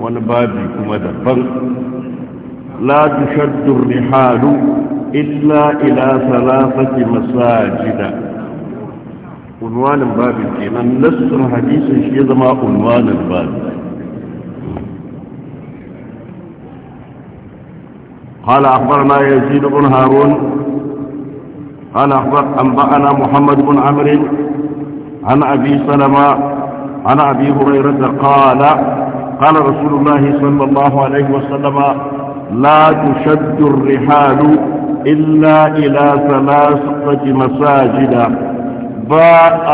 wani babi kuma daban la tushaddu rihalu illa ila salafati masajida unwanin babi kenan nassar hadisin shi zama unwanin babin قال أخبرنا يزيد بن هارون قال أخبر أنبأنا محمد بن عمرو عن أبي سلمة عن أبي هريرة قال قال رسول الله صلى الله عليه وسلم لا تشد الرحال إلا إلى ثلاثة مساجد باء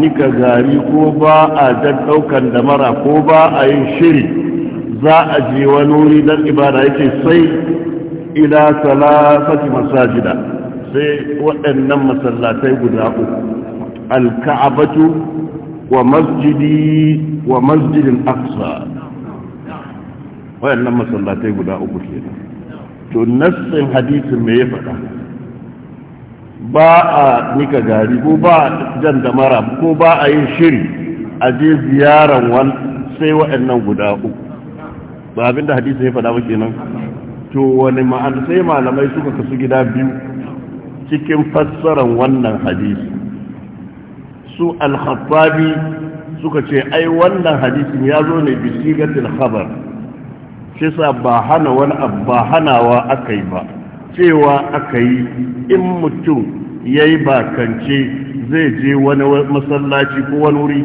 نكذاري كوباء جدو كان دمرا كوباء شري زاء جيوانوري دا الإبارة سي إلى ثلاثة مساجد سي وإنما سلاتي قدراء الكعبة wa masjidi wa masjidin aqsa wayannan masallatai guda uku kenan to nassin hadisin me ya faɗa ba a nika gari ko ba a jan damara ko ba a yin shiri a je ziyaran wani sai waɗannan guda uku ba abinda hadisi ya faɗa ba kenan to wani ma'an sai malamai suka kasu gida biyu cikin fassaran wannan hadisi su al suka ce ai wannan hadisin ya zo ne bisigatil khabar shi sa ba hana wani ba hanawa aka yi ba cewa aka yi in mutum ya yi bakance zai je wani masallaci ko wani wuri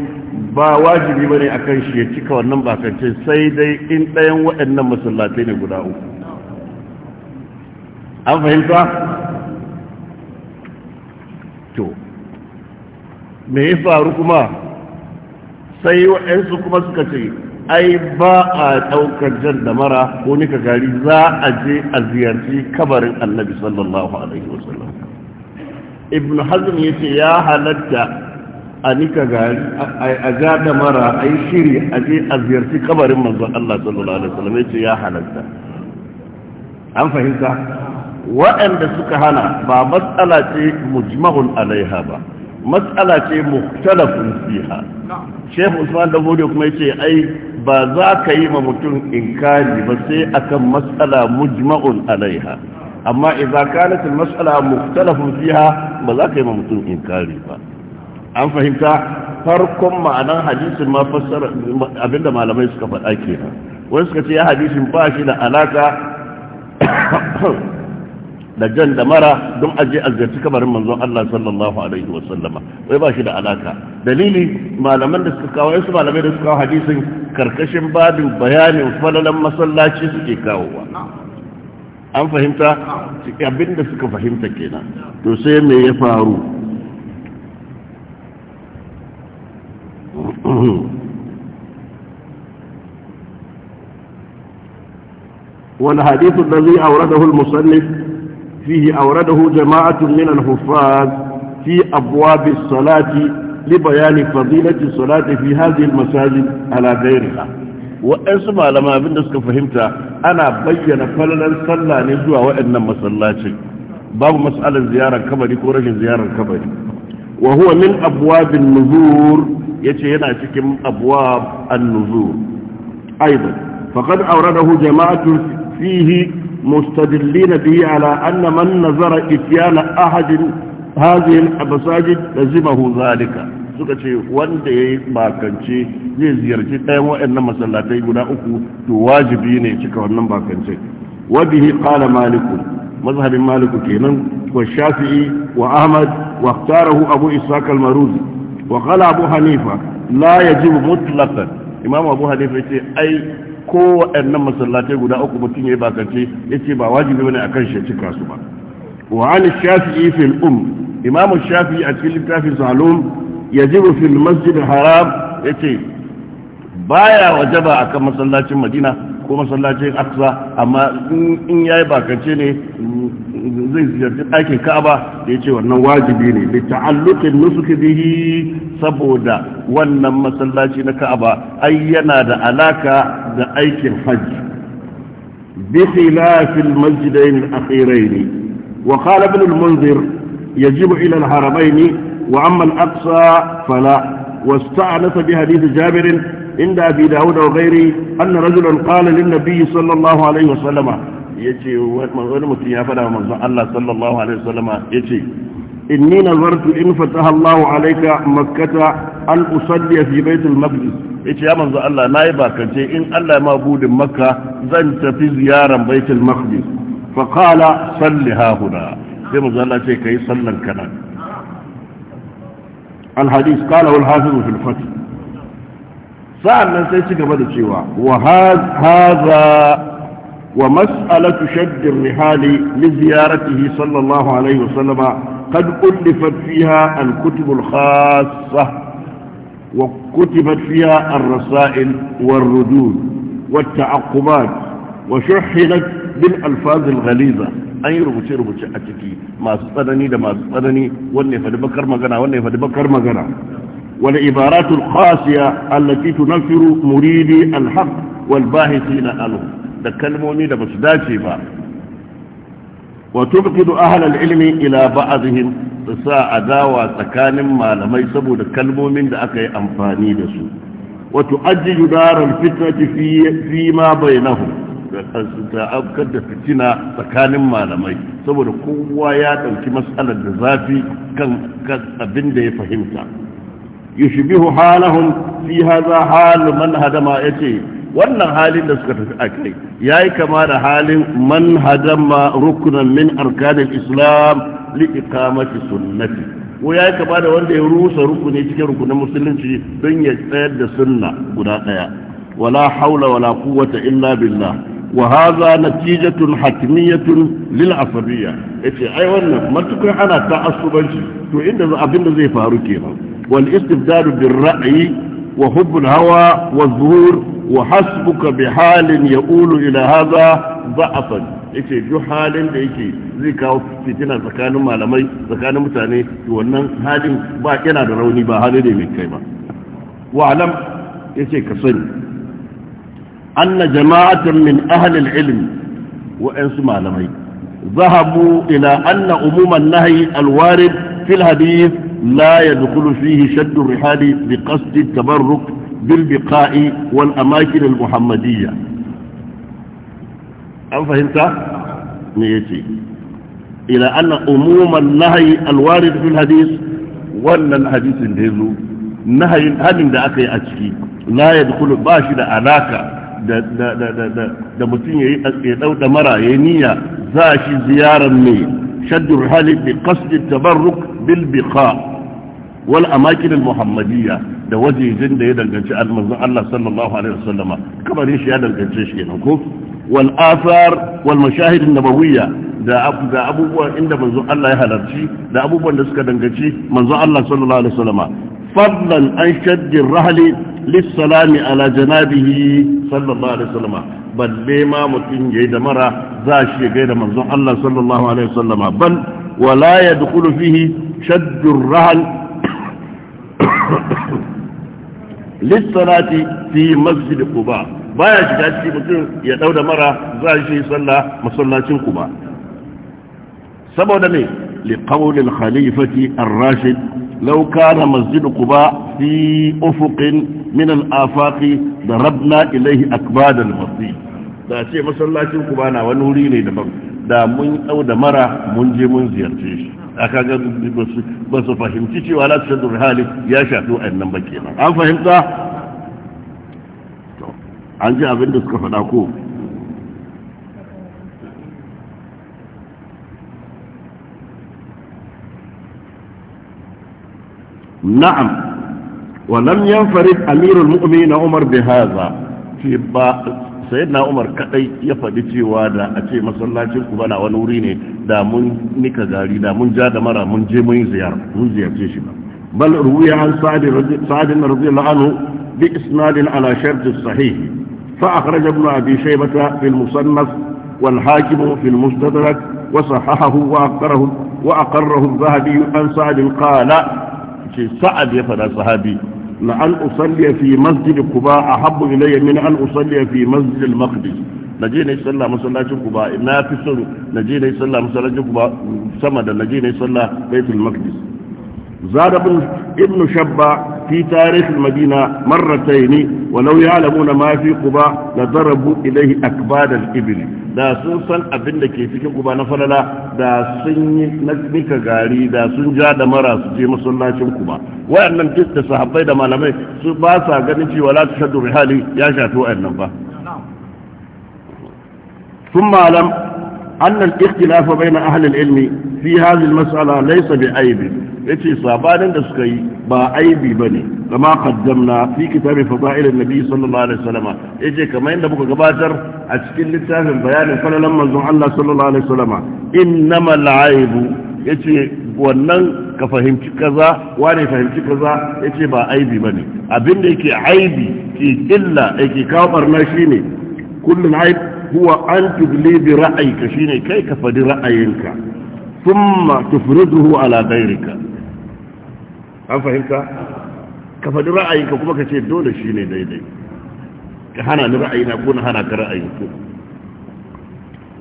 ba wajibi ba ne a shi ya cika wannan bakance sai dai in ɗayan waɗannan masallatai ne guda uku an fahimta me ya faru kuma sai waɗansu kuma suka ce ai ba a ɗaukar jan da mara ko nika gari za a je a ziyarci kabarin annabi sallallahu alaihi wasallam ibn hazm ya ce ya halatta a nika gari a ja da mara a yi shiri a je a ziyarci kabarin manzon Allah sallallahu alaihi wasallam ya ce ya halatta an fahimta waɗanda suka hana ba matsala ce mujmahun alaiha ba matsala ce mukhtalafun fiha Sheikh Usman Dawudi kuma yace ai ba za ka yi ma mutum inkari ba sai akan matsala mujma'un alaiha amma idza kanat al-mas'ala mukhtalafun fiha ba za ka yi ma mutum inkari ba an fahimta farkon ma'anar hadisin ma fassara abinda malamai suka faɗa kenan wani suka ce ya hadisin ba shi da alaka da jan da mara don aje azgarci kabarin manzon Allah sallallahu alaihi wa sallama wai ba shi da alaka dalili malaman da suka kawo yasu malamai da suka kawo hadisin karkashin babin bayanin falalan masallaci suke kawowa an fahimta abin da suka fahimta kenan to sai me ya faru والحديث الذي أورده المصنف فيه أورده جماعة من الحفاظ في أبواب الصلاة لبيان فضيلة الصلاة في هذه المساجد على غيرها وإنسوا لما بالنسبة فهمت أنا بيّن فللا صلى نزوى وإن صلاتي باب مسألة زيارة كبري كورج زيارة كبري وهو من أبواب النذور هنا تكم أبواب النذور أيضا فقد أورده جماعة فيه مستدلين به على أن من نظر إتيان أحد هذه المساجد لزمه ذلك suka ce wanda ya yi bakanci zai ziyarci ɗayan waɗannan masallatai guda uku to wajibi ne cika wannan bakance wa bihi qala maliku mazhabin maliku kenan wa shafi'i wa ahmad wa ikhtarahu abu ishaq al-maruzi wa qala abu hanifa la yajibu mutlaqan imam abu hanifa ce ai ko waɗannan masallatai guda uku mutum ya yi bakance ya ce ba wajibi a kan shi ya cika su ba wa an shafi'i fil um imamu shafi a cikin littafin salum yajibu fil masjid haram ya yace baya wajaba akan masallacin madina ko masallacin aksa amma in ya yi bakance ne zai ziyarci ɗakin ka'aba da ya ce wannan wajibi ne da ta'alluqin nusuki bihi saboda wannan masallaci na ka'aba ai yana da alaka da aikin hajji bi khilafil masjidain al-akhirain wa qala ibn al-munzir yajibu ila al-haramain wa amma al-aqsa fala bi hadith واستعنف بحديث جابر عند أبي داود وغيره أن رجلا قال للنبي صلى الله عليه وسلم يتي ونمت يا فلا من الله Allah sallallahu alaihi wasallama yace إني نظرت إن فتح الله عليك مكة أن أصلي في بيت المقدس إيش يا منزل الله نايبا كنت إن الله موجود مكة زنت في زيارة بيت المقدس فقال صلها ها هنا يا منزل الله شيء كي صلى الكلام الحديث قاله الحافظ في الفتح سألنا سيسي بدأ شيوا وهذا ومسألة شد الرحال لزيارته صلى الله عليه وسلم قد ألفت فيها الكتب الخاصة وكتبت فيها الرسائل والردود والتعقبات وشحنت بالألفاظ الغليظة أي ربوشي ربوشي أتكي ما سطنني لما سطنني واني فدبكر مغنى واني فدبكر مغنى والعبارات الخاصية التي تنفر مريدي الحق والباهثين أنه ده لما سداشي بقى وتبقد أهل العلم إلى بعضهم تساء داوى تكان ما لم يسبو لكلمو من دأكي أنفاني دسو وتؤجج دار الفتنة في فيما بينهم تأبكد فتنة تكان ما لم يسبو لقوة ياتي مسألة ذاتي كان أبن دي فهمتا يشبه حالهم في هذا حال من هدما يتيه wannan halin da suka tafi a kai ya yi kama da halin man hadama rukunan min arkanin islam liƙiƙamati sunnati ko ya yi kama da wanda ya rusa rukuni cikin rukunin musulunci don ya tsayar da sunna guda ɗaya wala haula wala kuwata illa billah wa hadha natijatun hakimiyatun lil asabiyya yace ai wannan matukar ana ta asubanci to inda abin da zai faru kenan wal istibdadu bir ra'yi وحب الهوى والظهور وحسبك بحال يقول إلى هذا ضعفا yake duk halin da yake zai kawo fitina tsakanin malamai tsakanin mutane wannan halin ba yana da rauni ba hali ne mai kai ba wa alam yace ka sani anna jama'atan min ahli al-ilm wa ansu malamai zahabu ila anna umuman nahyi al-warid fil hadith لا يدخل فيه شد الرحال بقصد التبرك بالبقاء والأماكن المحمدية أو فهمت؟ نيتي إلى أن أموم النهي الوارد في الحديث ولا الحديث الهزو نهي هل ده أكي أتكي لا يدخل باشي ده علاقة da mutum ya yi ɗau da mara ya yi niyya za shi ziyarar mai شد الحال بقصد التبرك بالبقاء ya danganci ده allah جند يدنك المنزع الله صلى الله عليه وسلم كما ليش يدنك شيء والآثار والمشاهد النبوية da abubuwan inda manzo Allah ya halarci da abubuwan da suka danganci manzo Allah sallallahu alaihi wasallama fadlan an shaddi rahli salami ala janabihi sallallahu alaihi wasallama بل بما متين جيدا مرة ذاشي جيدا منظر الله صلى الله عليه وسلم بل ولا يدخل فيه شد الرهل للصلاة في مسجد قباء بايا شكاتي متين يدود مرة ذاشي صلى مصلاة قباء سبب دمي لقول الخليفة الراشد لو كان مسجد قباء في أفق من الآفاق ضربنا إليه أكباد المصير da ce masallacin ku bana wani wuri ne daban da mun dau da mara mun je mun ziyarce shi a ga ba su fahimci cewa la tashaddur hali ya shafi wa'annan ba kenan an fahimta an ji abin da suka faɗa ko na'am wa lam yanfarid amirul mu'minin umar bi hadha fi ba sayyidina umar kadai ya faɗi cewa da a ce masallacin ku bana wani wuri ne da mun nika gari da mun ja da mara mun je mun ziyara mun ziyarce shi ba bal ruwiya an sa'ad radiyallahu anhu bi isnadin ala shart sahih fa akhraj ibn abi shaybah fi al-musannaf wal hakim fi al-mustadrak wa sahahahu wa aqarrahu wa aqarrahu adh-dhahabi an sa'ad qala ce sa'ad ya faɗa sahabi لأن أصلي في مسجد قباء أحب إلي من أن أصلي في مسجد المقدس نجينا يسلى مسلى قباء ما في سر نجينا يسلى مسلى قباء سمد نجينا يسلى بيت المقدس زاد ابن شبا في تاريخ المدينة مرتين ولو يعلمون ما في قبا لضربوا إليه أكباد الإبل دا سنسا أبن كيف في قبا نفر لا دا سن نجمك غاري دا سن جاد مراس في مصنع شمكما وأنم جدت صحبي دا مالمي سباسا قنجي ولا تشد بحالي يا شاتو أنم با نعم. ثم علم أن الاختلاف بين أهل العلم في هذه المسألة ليس بعيب يتي صابان دسكي با عيب بني كما قدمنا في كتاب فضائل النبي صلى الله عليه وسلم يتي كما يندبك قباتر أتكل لتاف البيان فللما زمع الله صلى الله عليه وسلم إنما العيب يتي wannan ka fahimci kaza wane fahimci kaza yace ba aibi bane abin da yake aibi ke illa yake kawo barna shine kullun aibi huwa an tubli bi ra'ayka shine kai ka fadi ra'ayinka thumma tufriduhu ala ghayrika an fahimta ka fadi ra'ayinka kuma ka ce dole shine daidai ka hana ni ra'ayina ko na hana ka ra'ayinka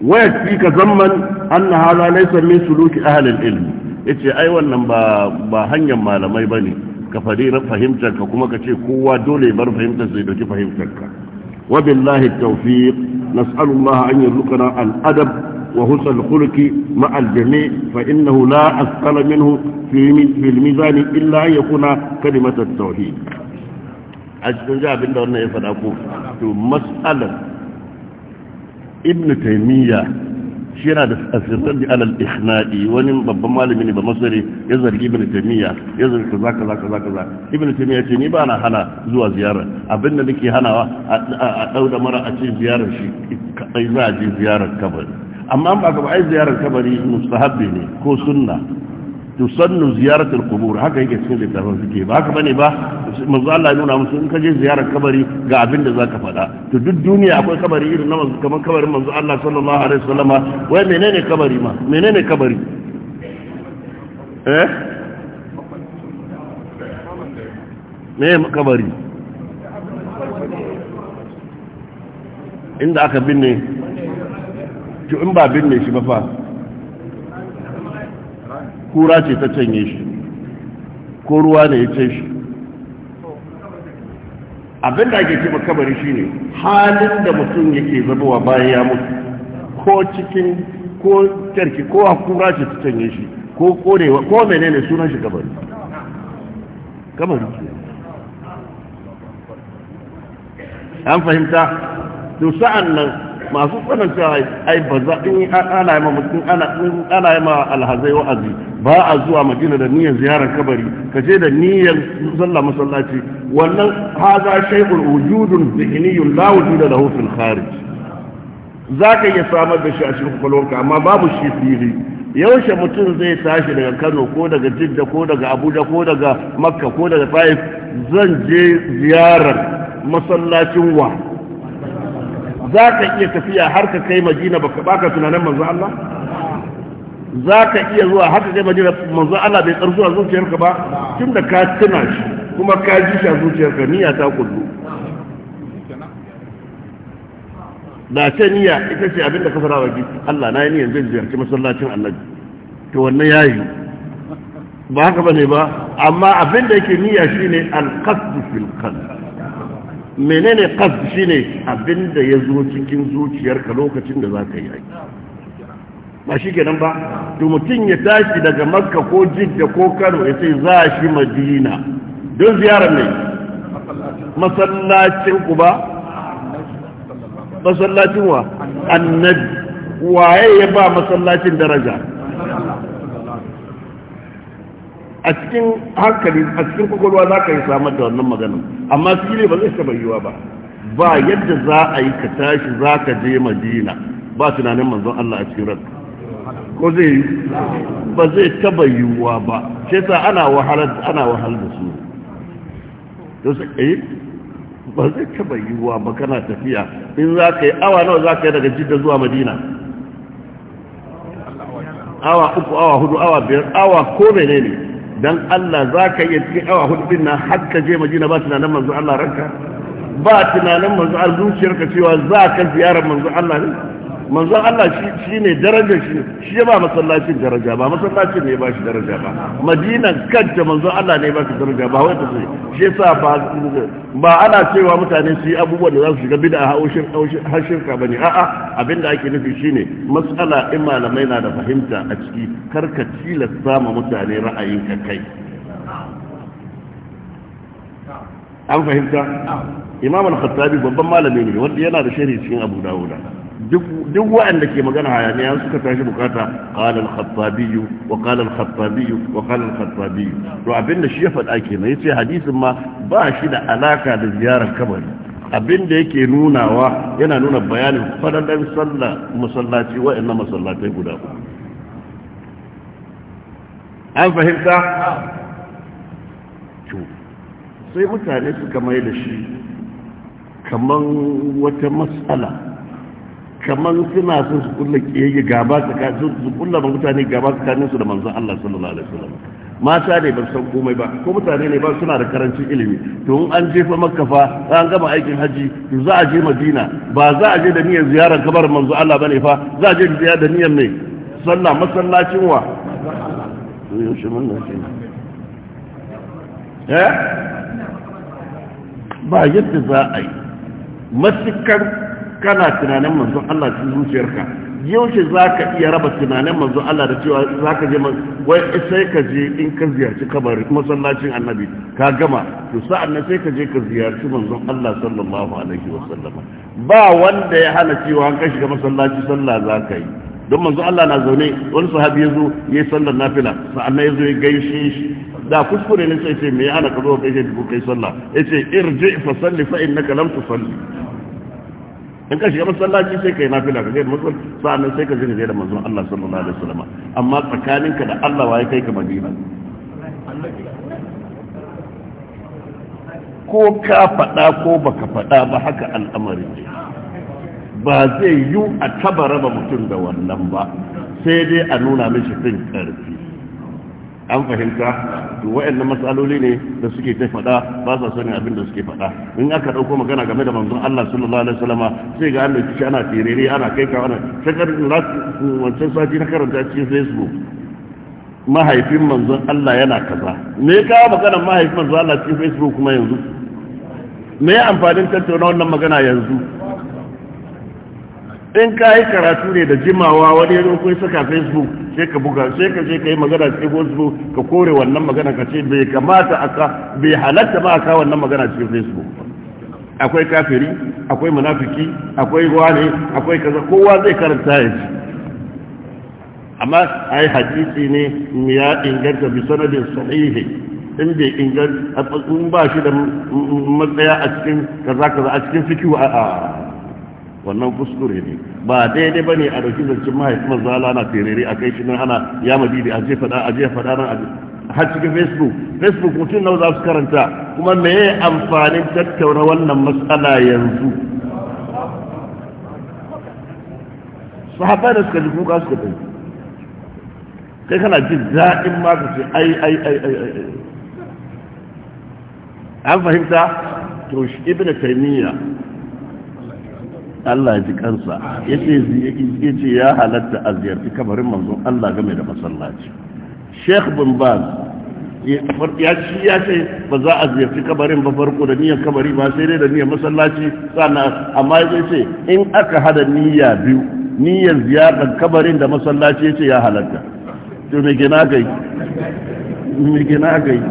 waya fi ka zamman anna hala laysa min suluki ahli al-ilm yace ai wannan ba ba hanyar malamai bane ka fadi fahimtar ka kuma ka ce kowa dole bar fahimtar sai doki fahimtar ka billahi tawfiq نسأل الله أن يرزقنا الأدب وحسن الخلق مع الجميع فإنه لا أثقل منه في الميزان إلا أن يكون كلمة التوحيد أجل جاء بالله أنه يفرقه مسألة ابن تيمية shi yana da asirin bi alal ihna'i wani babban malami ne ba masari ya zargi ibn taymiya ya zargi kaza kaza kaza kaza ibn taymiya ce ni ba na hana zuwa ziyara abinda nake hanawa a dauda mara a ce ziyarar shi kadai za a je ziyarar kabari amma ba ka ba ai ziyarar kabari mustahabbi ne ko sunna tusannu ziyaratul qubur haka yake cikin littafin suke ba haka bane ba manzo Allah ya nuna musu in ka je ziyarar kabari ga abin da zaka faɗa to duk duniya akwai kabari irin na manzo kamar kabarin manzo Allah sallallahu alaihi wasallama wai menene kabari ma menene kabari eh me kabari inda aka binne to in ba binne shi ba fa kura ce ta canye shi ko ruwa ne ya can shi abin da ake makabari kabari ne, halin da mutum yake zabowa bayan ya mutu ko cikin ko kyarki ko kura ce ta canye shi ko korewa ko ne sunan shi kabari kabari ce an fahimta to sa'an nan masu tsananta ai ba za in ana yi ma mutum ana yi ma alhazai wa'azi ba a zuwa madina da niyyar ziyarar kabari ka je da niyyar sallah masallaci wannan haza shay'un wujudun zihniyun la wujuda lahu fil kharij zaka iya samar da shi a cikin kwakwalwarka amma babu shi fili yaushe mutum zai tashi daga kano ko daga jidda ko daga abuja ko daga makka ko daga taif zan je ziyarar masallacin wa za ka iya tafiya har ka kai madina ba baka tunanin manzo Allah za ka iya zuwa har ka kai madina manzo Allah bai tsar a zuciyarka ba tun da ka tuna shi kuma ka ji shi a zuciyarka niyya ta kullu da ce niyya ita ce abinda ka fara waje Allah na yi niyyar zai ziyarci masallacin annabi to wannan yayi ba haka bane ba amma abinda yake niyya shine al-qasd fil qalb menene qasd shine abin da ya zo cikin zuciyarka lokacin da zaka yi aiki ba shi kenan ba to mutum ya tashi daga makka ko jidda ko kano ya ce za shi madina don ziyarar ne masallacin ku ba masallacin wa annabi waye ya ba masallacin daraja a cikin hankali a cikin kwakwalwa za ka yi samar da wannan maganin amma su ne ba zai taɓa yiwa ba ba yadda za a yi ka tashi za ka je madina ba tunanin manzon Allah a cikin ranka ko zai yi ba zai taɓa yiwa ba shi yasa ana wahalar ana da su to sai eh ba zai taɓa yiwa ba kana tafiya in za ka yi awa nawa za ka yi daga jidda zuwa madina awa uku awa hudu awa biyar awa ko menene ne dan Allah za ka iya cikin awa hudu din nan har ka je Madina ba tunanin manzo Allah ranka ba tunanin manzo Allah zuciyarka cewa za ka ziyarar manzo Allah ne manzon Allah shi ne daraja shi shi ba masallacin daraja ba masallacin ne ba shi daraja ba madinan kanta manzon Allah ne ba shi daraja ba wata sai shi yasa ba ba ana cewa mutane su yi abubuwan da za su shiga bid'a haushin haushin ka bane a'a abinda ake nufi shine mas'ala in malamai na da fahimta a ciki karka tilasta ma mutane ra'ayin ka kai an fahimta imam al-khattabi babban malami ne wanda yana da shari'a cikin abu dawuda duk waɗanda ke magana hayaniya suka tashi bukata qala al-khattabi wa qala al-khattabi wa qala al-khattabi to abinda shi ya faɗa kenan yace hadisin ma ba shi da alaka da ziyarar kabari abinda yake nunawa yana nuna bayanin fadadan sallah masallaci wa'annan masallatai guda uku an fahimta sai mutane suka mai da shi kaman wata matsala kamar suna son su kulle kiyaye gaba tsakanin su kulle ba mutane gaba tsakanin su da manzon Allah sallallahu alaihi wasallam mata ne ba san komai ba ko mutane ne ba suna da karancin ilimi to in an jefa makka fa an gama aikin haji to za a je madina ba za a je da niyyar ziyarar kabarin manzo Allah bane fa za a je da niyyar ne sallah masallacin wa eh? ba yadda za a yi matukar kana tunanin manzon Allah cikin zuciyarka yaushe za ka iya raba tunanin manzon Allah da cewa za ka je wai sai ka je in ka ziyarci kabari masallacin annabi ka gama to sa'an nan sai ka je ka ziyarci manzon Allah sallallahu alaihi wa sallama ba wanda ya hana cewa an ka shiga masallaci sallah za ka yi don manzon Allah na zaune wani sahabi ya zo ya yi sallar nafila sa'an nan ya zo ya gaishe shi da kuskure ne sai ce me ya hana ka zo kai shi ko kai sallah ya ce irji fa salli fa innaka lam tusalli in ka shiga masallaci sai ka yi nafila ka gaida masallaci sa'annan sai ka je ka da manzon Allah sallallahu alaihi wasallam amma tsakaninka da Allah waye kai ka Madina ko ka faɗa ko baka faɗa ba haka ne ba zai yi a taba raba mutum da wannan ba sai dai a nuna mishi fin ƙarfi an fahimta to wayannan matsaloli ne da suke ta faɗa ba sa sanin abin da suke faɗa in aka ɗauko magana game da manzon Allah sallallahu alaihi wasallama sai ga Allah shi ana tirere ana kai ka ana shakar wancan sati na karanta cikin Facebook mahaifin manzon Allah yana kaza me ka magana mahaifin manzon Allah cikin Facebook kuma yanzu me amfanin tattauna wannan magana yanzu in ka yi karatu ne da jimawa wani ya zo saka facebook sai ka buga sai ka je ka yi magana cikin facebook ka kore wannan magana ka ce bai kamata aka bai halatta ba aka wannan magana cikin facebook akwai kafiri akwai munafiki akwai wani akwai kaza kowa zai karanta ya ci amma ai hadisi ne ya inganta bi sanadin sahihi in bai inganta in ba shi da matsaya a cikin kaza kaza a cikin fikihu a wannan kuskure ne ba daidai ba ne a ɗauki zancen mahaifin manzo Allah na terere a kai shi nan ana ya madidi a je faɗa a je faɗa nan har cikin facebook facebook mutum nawa za su karanta kuma me ya amfanin tattauna wannan matsala yanzu sahabbai da suka ji kuka suka tafi kai kana jin daɗin ma ka ce ai ai ai ai ai an fahimta to shi ibnu taymiya Allah ji kansa ya ce ya halatta a ziyarci kabarin manzon Allah game da masallaci sheikh bin baz ya ci ya ce ba za a ziyarci kabarin ba farko da niyyar kabari ba sai dai da niyyar masallaci sana amma ya ce in aka hada niyya biyu niyyar ziyarar kabarin da masallaci ya ce ya halatta to me gina gai me gina gai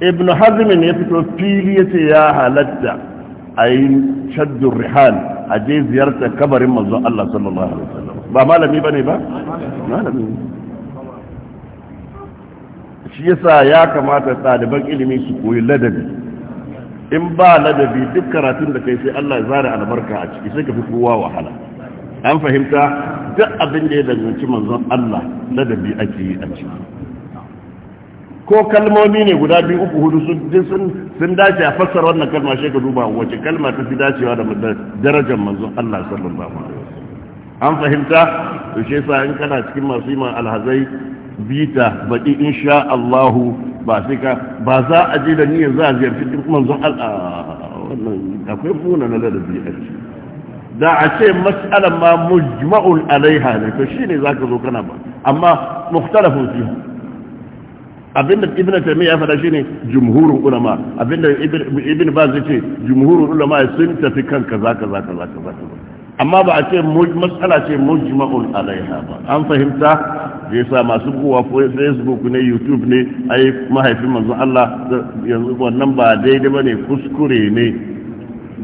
ibn hazmin ya fito fili ya ce ya halatta a yi shaddun rihal a je ziyarta kabarin manzon Allah sallallahu alaihi wasallam ba malami ba ne ba? malami shi yasa ya kamata ɗaliban ilimi su koyi ladabi in ba ladabi duk karatun da kai sai Allah ya zara albarka a ciki sai ka fi kowa wahala an fahimta duk abin da ya danganci manzon Allah ladabi ake yi a ciki ko kalmomi ne guda biyu uku hudu sun sun dace a fassar wannan kalma shi ka duba wace kalma ta fi dacewa da darajar manzon Allah sallallahu alaihi wasallam an fahimta to shi yasa in kana cikin masu iman alhazai bita baki insha Allah ba sai ka ba za a je da niyyar za a ziyarci duk manzon Allah wannan akwai muna na ladabi a da a ce mas'alan ma mujma'ul alaiha ne to shine zaka zo kana ba amma mukhtalafun fiha abinda ibn taymi ya fada shine jumhurul ulama abinda ibn baz yace jumhurul ulama sun tafi kan kaza kaza kaza kaza amma ba a ce matsala ce mujma'ul alaiha ba an fahimta da yasa masu kowa facebook ne youtube ne ai mahaifin manzo Allah yanzu wannan ba daidai bane kuskure ne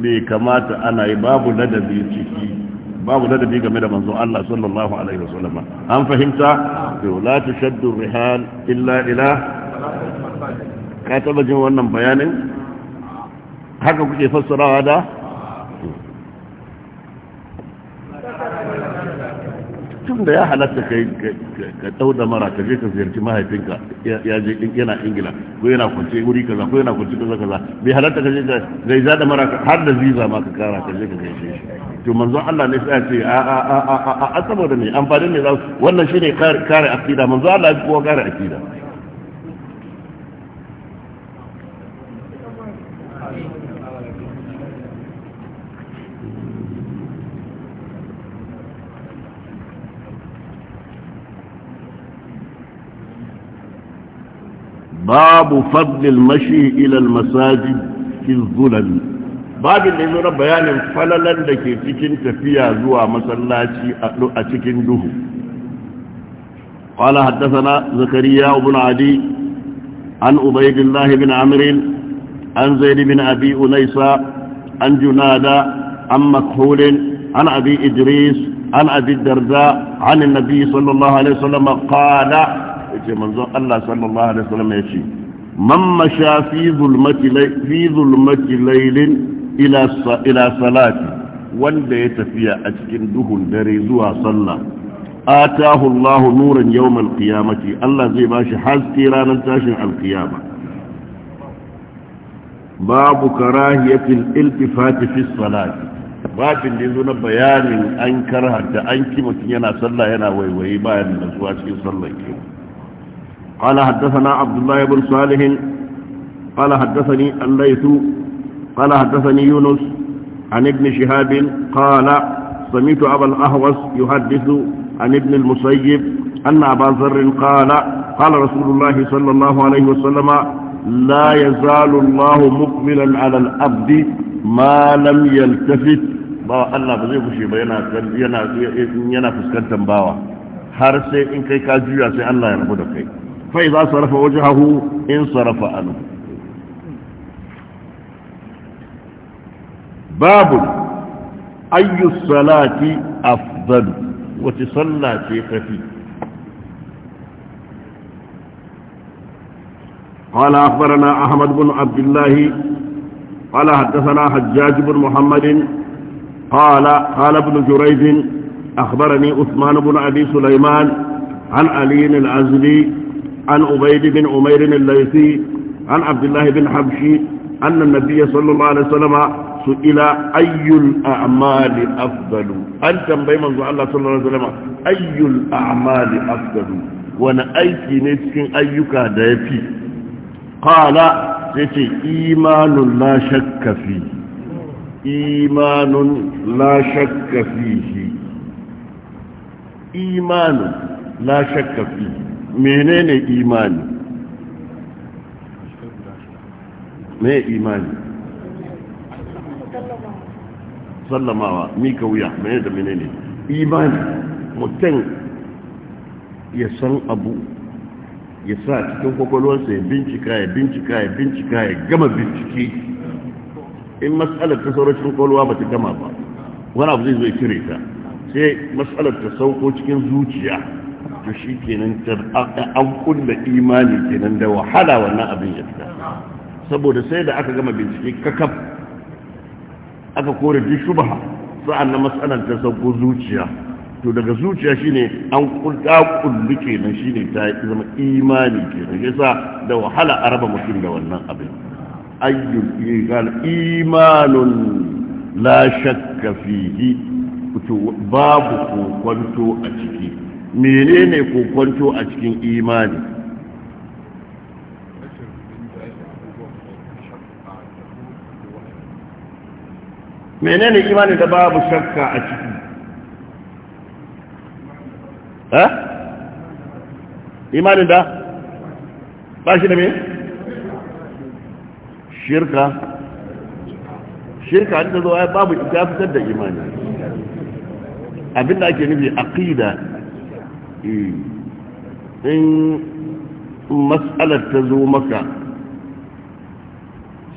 bai kamata ana yi babu ladabi ciki babu ladabi game da manzon Allah sallallahu alaihi wa wasallam an fahimta to la tushaddu rihal illa ila ka taba jin wannan bayanin haka kuke fassarawa da tun da ya halatta kai ka dau da mara ka je ka ziyarci mahaifinka ya je yana ingila ko yana kwance wuri kaza ko yana kwance kaza kaza bai halatta ka je ka zai za da mara har da visa ma ka kara ka je ka gaishe shi to manzon Allah ne sai ce a a a a a a saboda ne amfani ne zai wannan shine kare akida manzon Allah ya kuwa kare akida babu fadl al-mashi ila al-masajid fi al-zulal babin da ya zura bayanin falalan da ke cikin tafiya zuwa masallaci a cikin duhu ƙwala haddasana zakariya ibn adi an ubaidillah ibn amrin an zaid ibn abi an junada an makhulin an abi idris an abi darda an nabi sallallahu alaihi wasallam qala yace manzon Allah sallallahu alaihi wasallam yace man masha fi zulmati fi zulmati laylin ila salati wanda ya tafiya a cikin duhun dare zuwa sallah atahu Allahu nuran yawmal qiyamati Allah zai bashi haske ranar tashin alqiyama babu karahiyatil iltifati fi salati babin da na bayanin an karhanta an ki mutum yana sallah yana waiwaye bayan da zuwa cikin sallar ke قال حدثنا عبد الله بن صالح قال حدثني الليث قال حدثني يونس عن ابن شهاب قال سمعت أبا الأهوس يحدث عن ابن المسيب أن أبا ذر قال قال رسول الله صلى الله عليه وسلم لا يزال الله مقبلا على العبد ما لم يلتفت bawa Allah ba zai bushe ba yana fuskantar bawa har sai in kai ka juya sai Allah ya rabu da kai fa idza sarafa wajhahu in sarafa anhu باب أي الصلاة أفضل وتصلى في شيختي قال أخبرنا أحمد بن عبد الله قال حدثنا حجاج بن محمد قال قال ابن جريج أخبرني عثمان بن أبي سليمان عن علي العزلي عن عبيد بن عمير الليثي عن عبد الله بن حبشي أن النبي صلى الله عليه وسلم su'ila ayyul a'mali afdalu an tambayi manzo Allah sallallahu alaihi wasallam ayyul a'mali afdalu wani aiki ne cikin ayyuka da yafi qala yace imanun la shakka fi imanun la shakka fihi imanun la shakka menene imani me imani sallamawa mika wuya mene da mene ne imani mutum ya san abu ya sa cikin kwakwalwarsa ya bincika ya bincika ya bincika ya gama bincike in matsalar ta saurashin kwalwa ba ta gama ba wani abu zai zo ya cire ta sai matsalar ta sauko cikin zuciya to shi kenan an kunna imani kenan da wahala wannan abin ya fita saboda sai da aka gama bincike kakaf aka kore duk shubha sa'an na matsalar ta sauko zuciya to daga zuciya shine an kulta kullu kenan shine ta zama imani kenan yasa da wahala a raba mutum da wannan abin ayyul qala imanun la shakka fihi to babu ko a ciki menene ko a cikin imani menene imanin da babu shakka a ciki ha eh? imanin da ba shi da me shirka shirka da zuwa babu ita fitar da imani abinda ake nufi aqida eh. in mas'alar ta zo maka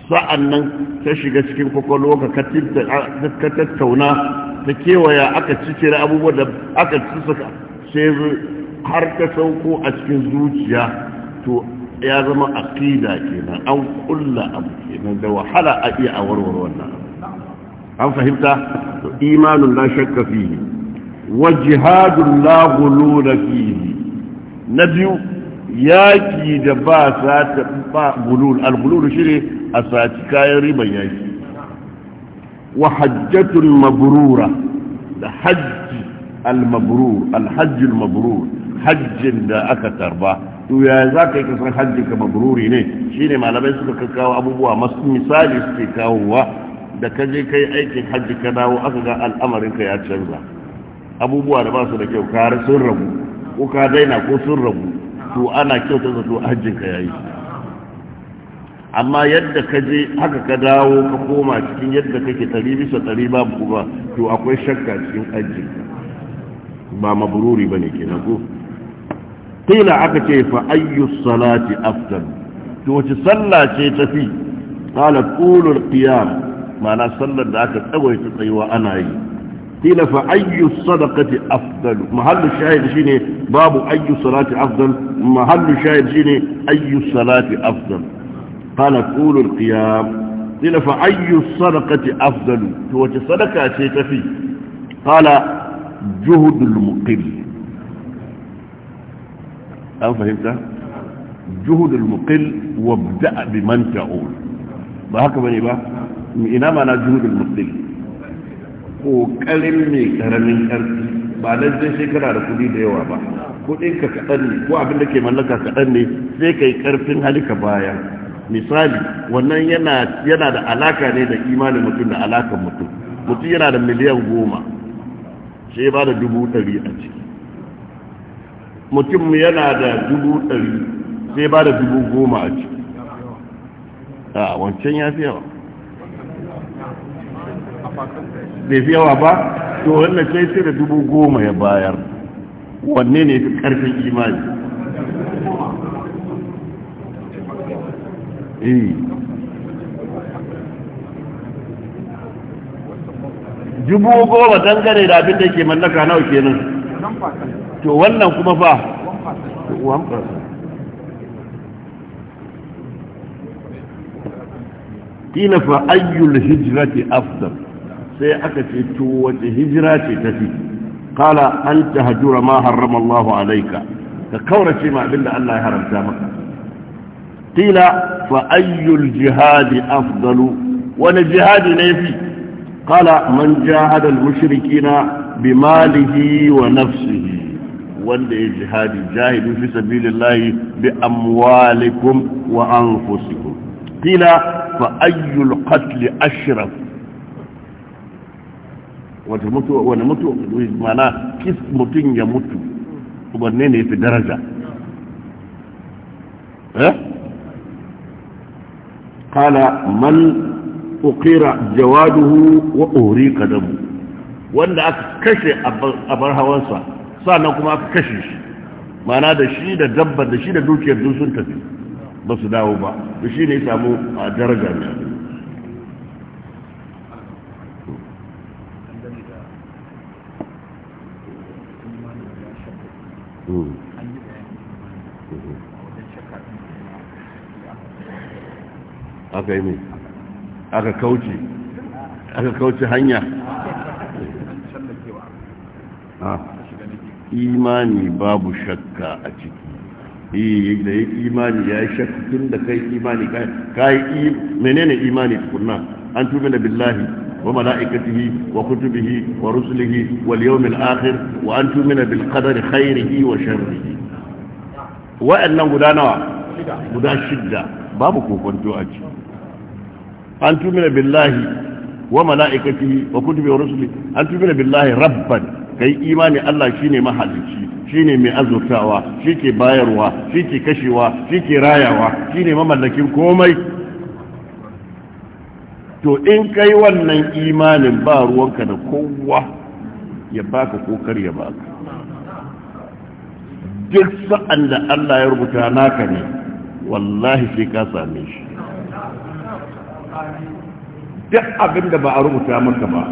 sa'an nan ta shiga cikin kwakwalwa ka tattauna ta kewaya aka cicira abubuwa da aka cicika sai har ka sauko a cikin zuciya to ya zama aqida kenan an kulla abu kenan da wahala a iya a warware wannan an fahimta to imanun la shakka fihi wa jihadun la ghulula fihi na biyu yaki da ba sa ta ba gulul al-gulul shine a saci kayan riban yaki wa hajjatul mabrura da hajji al-mabrur al-hajji mabrur hajjin da aka tarba to ya za ka yi kasar hajji ka mabruri ne shine malamai suka kakkawo abubuwa masu misali suke kawowa da ka je kai aikin hajji ka dawo aka ga al'amarin ka ya canza abubuwa da ba su da kyau ka sun rabu ko ka daina ko sun rabu to ana kyauta zato hajjin ka yi. amma yadda ka je haka ka dawo ka koma cikin yadda kake tari bisa tari babu kuma to akwai shakka cikin aji ba mabururi bane kenan ko qila aka ce fa ayyu salati afdal to wace sallah ce tafi qala qulul qiyam ma'ana sallar da aka tsawaita tsayuwa ana yi قيل فأي الصدقة afdal محل الشاهد shine babu أي salati afdal محل الشاهد shine أي salati afdal. قال طول القيام قيل فأي الصدقة أفضل توجه صدقة شيء تفي قال جهد المقل أو فهمت جهد المقل وابدأ بمن تعول بهكذا نبا إنما أنا جهد المقل kokarin mai karamin karfi ba don zai shekara da kudi da yawa ba kudin kaɗan ne ko abin da ke mallaka kaɗan ne sai ka yi karfin hali ka baya misali wannan yana yana da alaka ne da imanin mutum da alakan mutum mutum yana da miliyan goma sai ba da dubu ɗari a ciki mutum yana da dubu ɗari sai ba da dubu goma a ciki a wancan ya fi yawa bai fi yawa ba to wannan sai sai da dubu goma ya bayar wanne ne fi ƙarfin imani jubu goma dangane da abin da ke mallaka nawa kenan to wannan kuma fa kila fa ayyul hijrati afdal sai aka ce to wace hijira ce tafi qala an tahjura ma harrama Allah alayka ka kaurace ma abinda Allah ya haramta maka قيل فأي الجهاد jihadi afdalu wani jihadi ne fi جاهد man بماله ونفسه mushrikina bi malihi wa nafsihi wanda ya jihadi jahidu fi sabilillahi bi amwalikum wa anfusikum qila fa ashraf wata mutu wani mutu mana kis mutun ya mutu wanne ne fi daraja eh kala man ukira jawaduhu wa uhri wanda aka kashe abar hawansa na kuma aka kashe shi mana da shi da dabbar da shi da dukiyar duk sun tafi ba su dawo ba da shi ne samu a daraja ne Mm-hmm. aka yi mai aka kauce aka kauce hanya imani babu shakka a ciki e, da ya imani ya yi shakka tun da kai imani ka yi menene imani tukunna an tubi da billahi wa mala'ikatihi wa kutubihi wa rusulihi wal yawmil akhir wa an tubi na bilkadar khairihi wa sharrihi wa'annan guda nawa guda shidda babu kokonto a ciki an tumina billahi wa mala'ikati wa kutubi wa rusuli an tumina billahi rabban kai imani Allah shine mahalicci shine mai azurtawa shike bayarwa shike kashewa shike rayawa shine mamallakin komai to in kai wannan imanin ba ruwanka da kowa ya baka ko kar ya baka duk sa'an da Allah ya rubuta naka ne wallahi sai ka same shi duk abin da ba a rubuta maka ba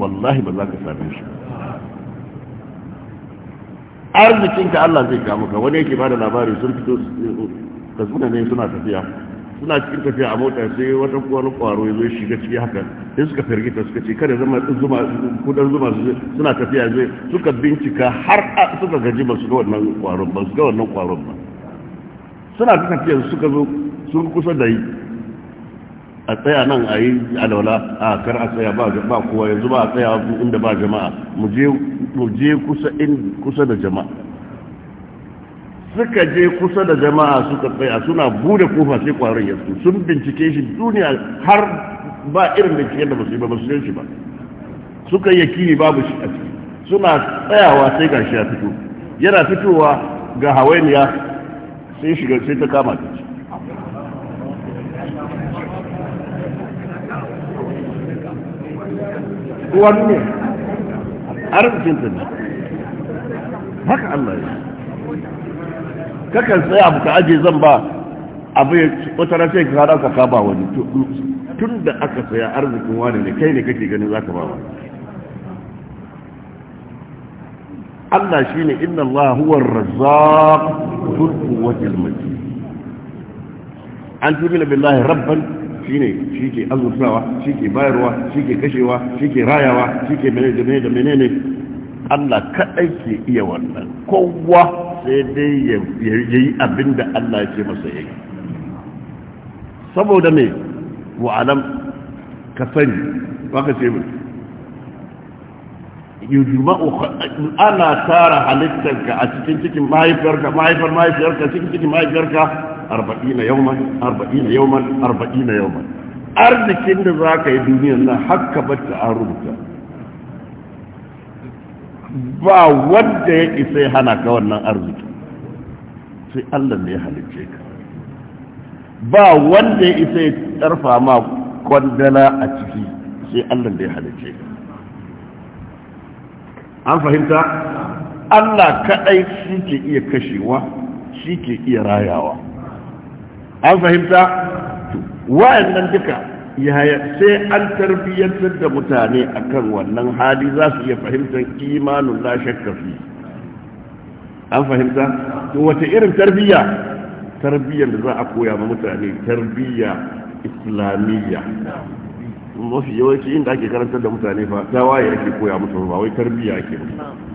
wallahi ba za ka same shi arzikinka Allah zai kama ka wani yake bada labari sun fito suna oh, ne suna tafiya suna cikin tafiya a mota sai wata kwaro kwaro ya zo shiga ciki haka sai suka firgita suka ce kada zama zuma kudan zuma suna tafiya zai suka bincika har a suka gaji ba su ga wannan kwaron ba su ga wannan kwaron ba suna tafiya suka zo sun kusa da yi a tsaya nan a yi alwala a kar a tsaya ba kowa yanzu ba a tsaya inda ba jama'a mu je kusa da jama'a suka je kusa da jama'a suka tsaya suna bude kofa sai kwarin ya sun bincike shi duniya har ba irin da ke da basu yi ba basu shi ba suka yi babu shi a ciki suna tsayawa sai gashi ya fito yana fitowa ga hawainiya sai shiga sai ta kama ta ci wani ne ne haka Allah ya kakan tsaya abu ka aje zan ba abu ya wata rafe ka hada ka kaba wani tun da aka saya arzikin wani ne kai ne kake ganin za ka ba wani Allah shi ne inna Allah huwa razzaq zul quwwatil matin an na billahi rabban shine shi ke azurtawa shi ke bayarwa shi ke kashewa shi ke rayawa shi ke menene da menene Allah kaɗai ke iya wannan kowa sai dai ya yi abin da Allah ya ce masa ya yi saboda me wa'alam ka sani ba ka ce mai yujma'u ana tara halittarka a cikin cikin mahaifiyarka mahaifar mahaifiyarka cikin cikin mahaifiyarka arba'in yawman arba'in yawman arba'in yawman arzikin da za ka yi duniyar nan haka bata an rubuta ba wanda ya isa ya hana ka wannan arziki sai Allah ne ya halicce ka ba wanda ya isa ya tarfa ma kwandala a ciki sai Allah ne ya halicce ka an fahimta Allah kaɗai shi ke iya kashewa shi ke iya rayawa an fahimta wayannan duka yaya sai an tarbiyyantar da mutane akan wannan hali za su iya fahimtar imanin la shakka an fahimta to wata irin tarbiyya tarbiyyar da za a koya ma mutane tarbiyya islamiyya mafi yawanci inda ake karantar da mutane fa waye ake koya musu ba wai tarbiyya ake musu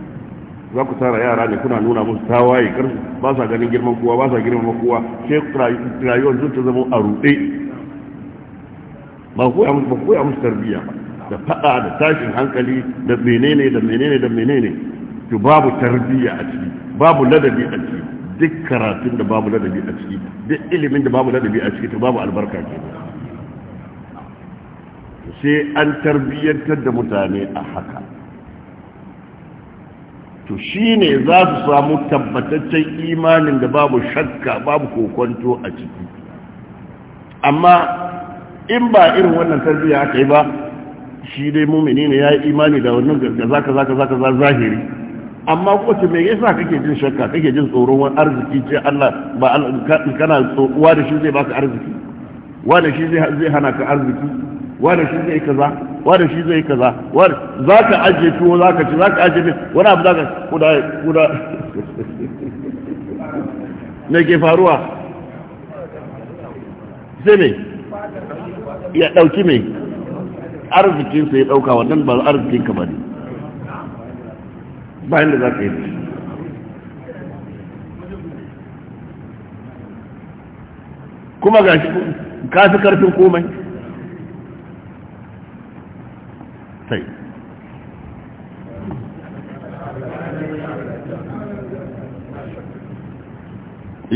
za ku tara yara ne kuna nuna musu tawaye kar ba sa ganin girman kowa ba sa girman kowa sai rayuwar zuwa ta zama a rude ba koya musu ba koya musu tarbiyya ba da fada da tashin hankali da menene da menene da menene to babu tarbiyya a ciki babu ladabi a ciki duk karatun da babu ladabi a ciki duk ilimin da babu ladabi a ciki to babu albarka ke sai an tarbiyyantar da mutane a haka to shi ne za su samu tabbataccen imanin da babu shakka babu kokonto a ciki amma in ba irin wannan tarbiyya aka yi ba shi dai mumini ne ya yi imani da wannan gaza zaka zaka za zahiri amma kwace mai yasa kake jin shakka kake jin tsoron arziki ce Allah ba kana tsohuwa da shi zai baka arziki wa da shi zai hana ka arziki wa da shi zai kaza wani shi zai kaza wani za ka ajiye tuwo za ka ci za ka ajiye wani abu za ka kuda kuda me ke faruwa sai me ya ɗauki me arzikinsa ya ɗauka wannan ba arzikin ka ba ne bayan da za ka yi kuma ga shi ka fi karfin komai sai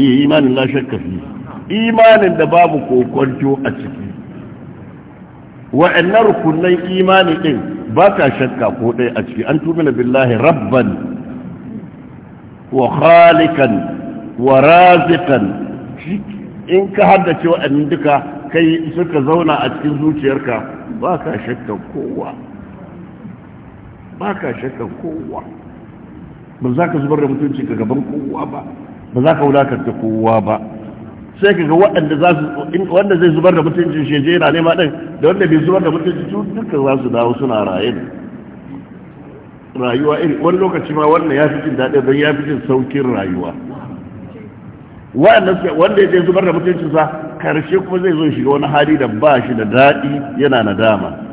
iya imanin la shakka fi imanin da babu kokonto a ciki wa'annan rukunan imanin din ba ka shakka ko ɗaya a ciki an tumina billahi rabban wa khalikan wa razikan in ka haddace wa'annan duka kai suka zauna a cikin zuciyarka ba ka shakka kowa ba ka shakkan kowa ba za ka zubar da mutunci ga gaban kowa ba ba za ka wulakanta kowa ba sai ka ga waɗanda za su wanda zai zubar da mutunci shi je yana nema ɗin da wanda bai zubar da mutunci su duka za su dawo suna raye rayuwa iri wani lokaci ma wannan ya fi jin daɗi don ya fi jin saukin rayuwa wanda ya zubar da mutuncinsa karshe kuma zai zo shiga wani hali da ba shi da daɗi yana nadama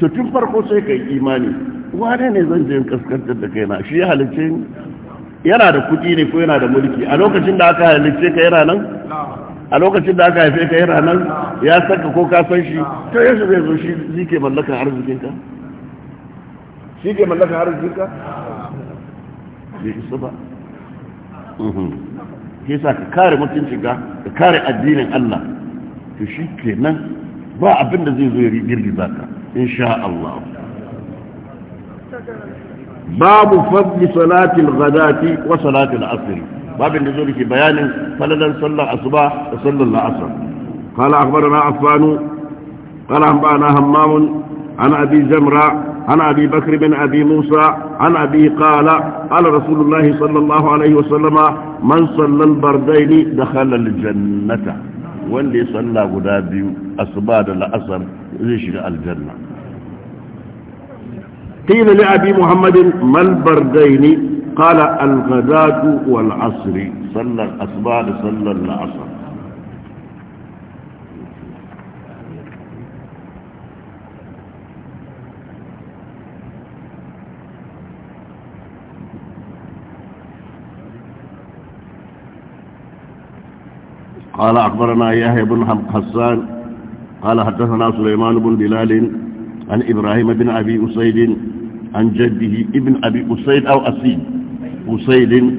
to tun farko sai ka yi imani wane ne zan je kaskantar da kaina shi ya halicce yana da kuɗi ne ko yana da mulki a lokacin da aka halicce ka yana nan a lokacin da aka haife ka yana nan ya saka ko ka san shi to yanzu zai zo shi zike mallaka arzikinka shi ke mallaka arzikinka bai isa ba ke mhm. sa ka kare mutuncinka ka kare addinin Allah to shi kenan ba abin da zai zo ya girgiza ka إن شاء الله باب فضل صلاة الغداة وصلاة العصر باب النزول في بيان فلدا صلى الصباح وصلى العصر قال أخبرنا عفان قال أنبأنا همام عن أبي زمرة عن أبي بكر بن أبي موسى عن أبي قال قال رسول الله صلى الله عليه وسلم من صلى البردين دخل الجنة واللي صلى غدابي أصباد الأصر يشغل الجنة قيل لأبي محمد ما البردين قال الغداة والعصر صلى الأصبار صلى العصر قال أخبرنا يحيى بن حسان قال حدثنا سليمان بن بلال عن إبراهيم بن أبي أسيد عن جده ابن أبي أسيد أو أسيد أسيد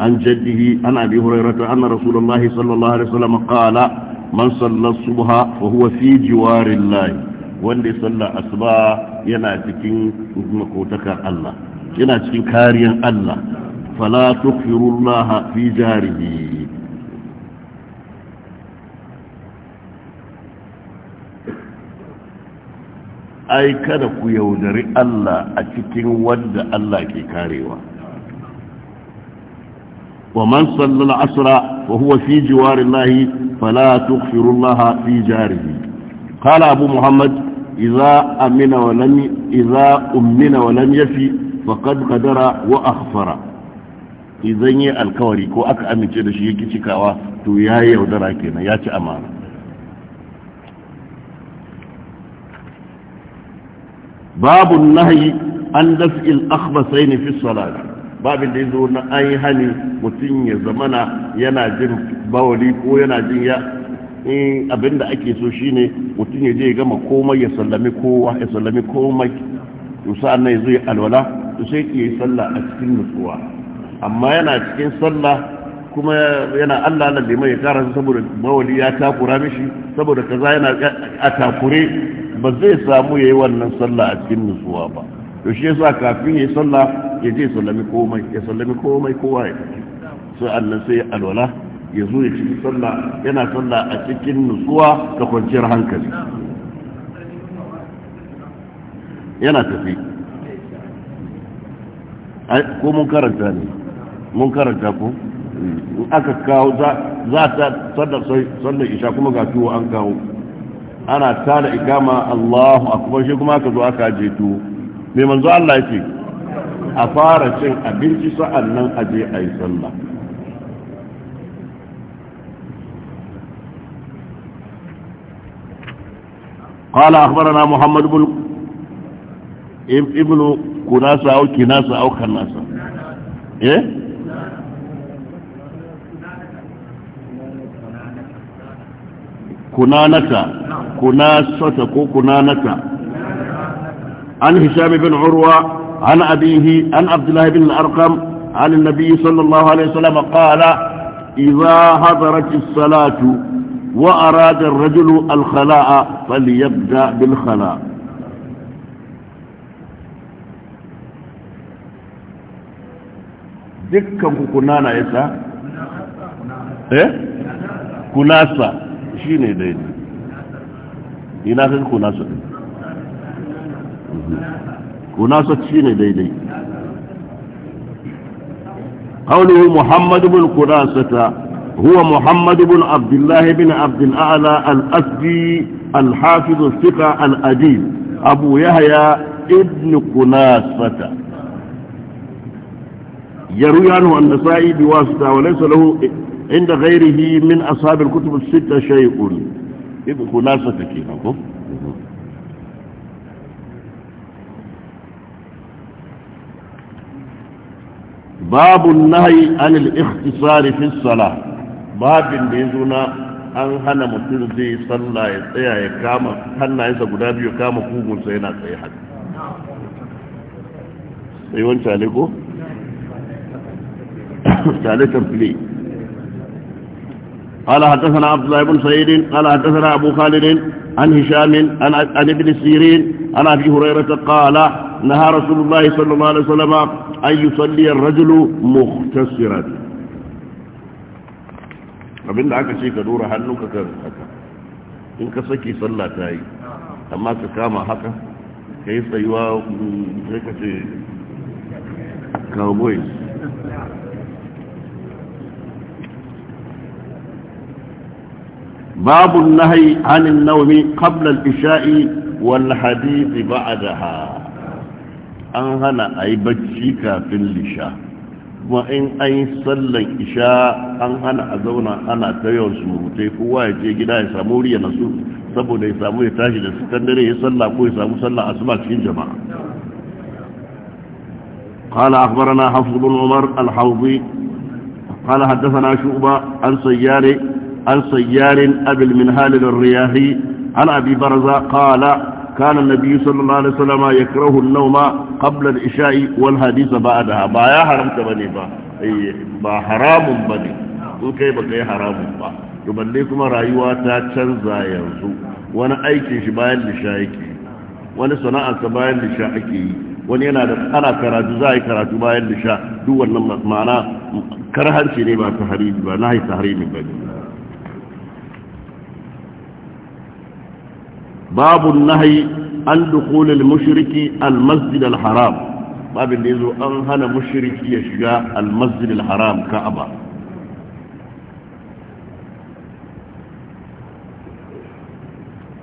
عن جده عن أبي هريرة أن رسول الله صلى الله عليه وسلم قال من صلى الصبح فهو في جوار الله wanda ya salla asuba yana cikin makotakar Allah yana cikin kariyan Allah fala tukfirullaha fi jarihi ai kada ku yaudari Allah a cikin wanda Allah ke karewa wa man sallala asra wa huwa fi jiwarillahi fala tughfiru Allah fi jarihi qala abu muhammad idza amina wa lam idza ummina wa lam yafi faqad qadara wa akhfara idan yi alkawari ko aka amince da shi yake cikawa to ya yaudara kenan ya ci amana babu nahi an daf'il akhbasaini fi salati babin da yazo na ai hani mutun ya zamana yana jin bawali ko yana jin ya in abinda ake so shine mutun ya je ya gama komai ya sallami kowa ya sallami komai to sa'an nan yazo ya alwala to sai yi sallah a cikin nutsuwa amma yana cikin sallah kuma yana Allah lalle ya kara saboda bawali ya takura mishi saboda kaza yana a takure ba zai samu ya yi wannan sallah a cikin nutsuwa ba to shi yasa kafin yi sallah ya je sallami komai ya sallami komai kowa ya sai Allah sai alwala ya zo ya cikin sallah yana sallah a cikin nutsuwa da kwanciyar hankali yana tafi ko mun karanta ne mun karanta ko aka kawo za ta sallar isha kuma ga tuwo an kawo ana tada ikama Allahu akbar shi kuma aka zo aka je to mai manzo Allah yake a fara cin abinci sa'annan nan aje a yi sallah قال أخبرنا محمد بن ابن كناسة أو كناسة أو كناسة إيه كنانة كناسة كنانتا عن هشام بن عروة عن أبيه عن عبد الله بن الأرقم عن النبي صلى الله عليه وسلم قال إذا حضرت الصلاة وأراد الرجل الخلاء فليبدأ بالخلاء دكا كنانا يسا كناسا shi ne daidai ina kan kuna su shi ne daidai قوله محمد بن قداسة هو محمد بن عبد الله بن عبد الأعلى الأسدي الحافظ الثقة الأديب أبو يحيى ابن يروي عنه النسائي بواسطة وليس له inda ghairihi min ashabil kutub sita shay'un ibu khulasa take ko باب النهي عن الاختصار في الصلاة باب بيزونا an hana mutum zai salla ya tsaya ya kama hannayensa guda biyu kama kugunsa yana tsaye haka sai wancan ne ko? قال حدثنا عبد الله بن سعيد قال حدثنا أبو خالد عن هشام عن, عن ابن السيرين عن أبي هريرة قال نهى رسول الله صلى الله عليه وسلم أن يصلي الرجل مختصرا abinda aka ce ka dora hannunka kan haka in ka saki sallah ta yi amma ka kama haka ka yi tsayuwa sai ka ce cowboys باب النهي عن النوم قبل الإشاء والحديث بعدها an hana a yi bacci kafin lisha kuma in an yi sallan isha an hana a zauna ana ta yawan surutai ya je gida ya samu wuri ya nasu saboda ya samu ya tashi da sukan ya salla ko ya asuba cikin jama'a قال أخبرنا حفظ بن عمر الحوضي قال حدثنا شعبة عن سياري عن سيار أبي المنهال الرياهي عن أبي برزة قال كان النبي صلى الله عليه وسلم يكره النوم قبل العشاء والحديث بعدها با يا حرام تبني با اي با حرام بني in kai ba kai haramun ba to kuma rayuwa ta canza yanzu wani aikin shi bayan lisha yake wani sana'arsa bayan lisha ake yi wani yana da ana karatu za a yi karatu bayan ma'ana ne ba ta ba na ba باب النهي عن دخول المشرك المسجد الحرام باب اللي يزو أن هنا مشرك يشجع المسجد الحرام كعبة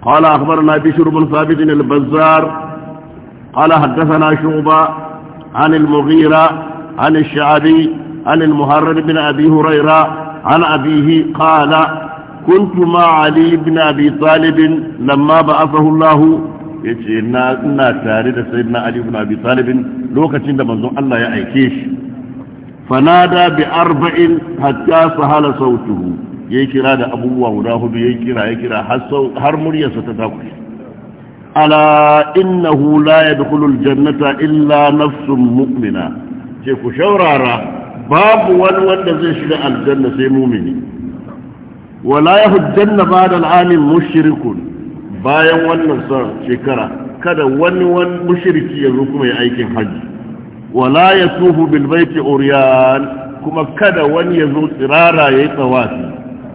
قال أخبرنا بشر بن ثابت البزار قال حدثنا شعبة عن المغيرة عن الشعبي عن المهرر بن أبي هريرة عن أبيه قال كنت مع علي بن أبي طالب لما بعثه الله yace na ina tare da sayyidina Ali ibn Abi Talib lokacin da manzon Allah ya aike shi fanada bi arba'in hatta sahala sautuhu yayi kira da abubuwa guda hudu yayi kira yayi kira har muryarsa ta takushe ala innahu la yadkhulul jannata illa nafsun mu'mina ce ku shaurara babu wani wanda zai shiga aljanna sai mumini wala ya yahuddanna ba'da al'amin mushrikun bayan wannan son shekara kada wani wani mushriki ya zo kuma ya aikin hajji wala yatufu bil baiti uriyan kuma kada wani ya zo tsirara ya yi tsawafi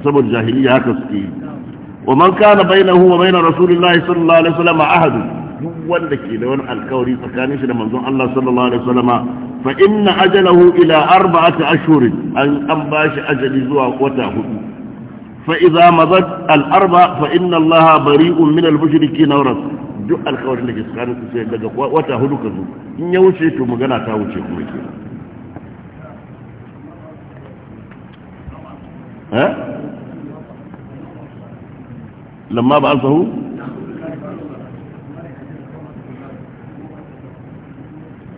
saboda jahiliya haka suke yi wa man kana bainahu wa bain rasulillahi sallallahu alaihi wasallam Ahadu duk wanda ke da wani alkawari tsakanin shi da manzon Allah sallallahu alaihi wasallama fa inna ajalahu ila arba'ati ashhur an an bashi ajali zuwa wata hudu فإذا مضت الأربع فإن الله بريء من المشركين ورسل duk alkawarin da ke tsakanin su sai daga wata hudu ka zo in ya wuce to magana ta wuce kuma ke eh lamma ba alfahu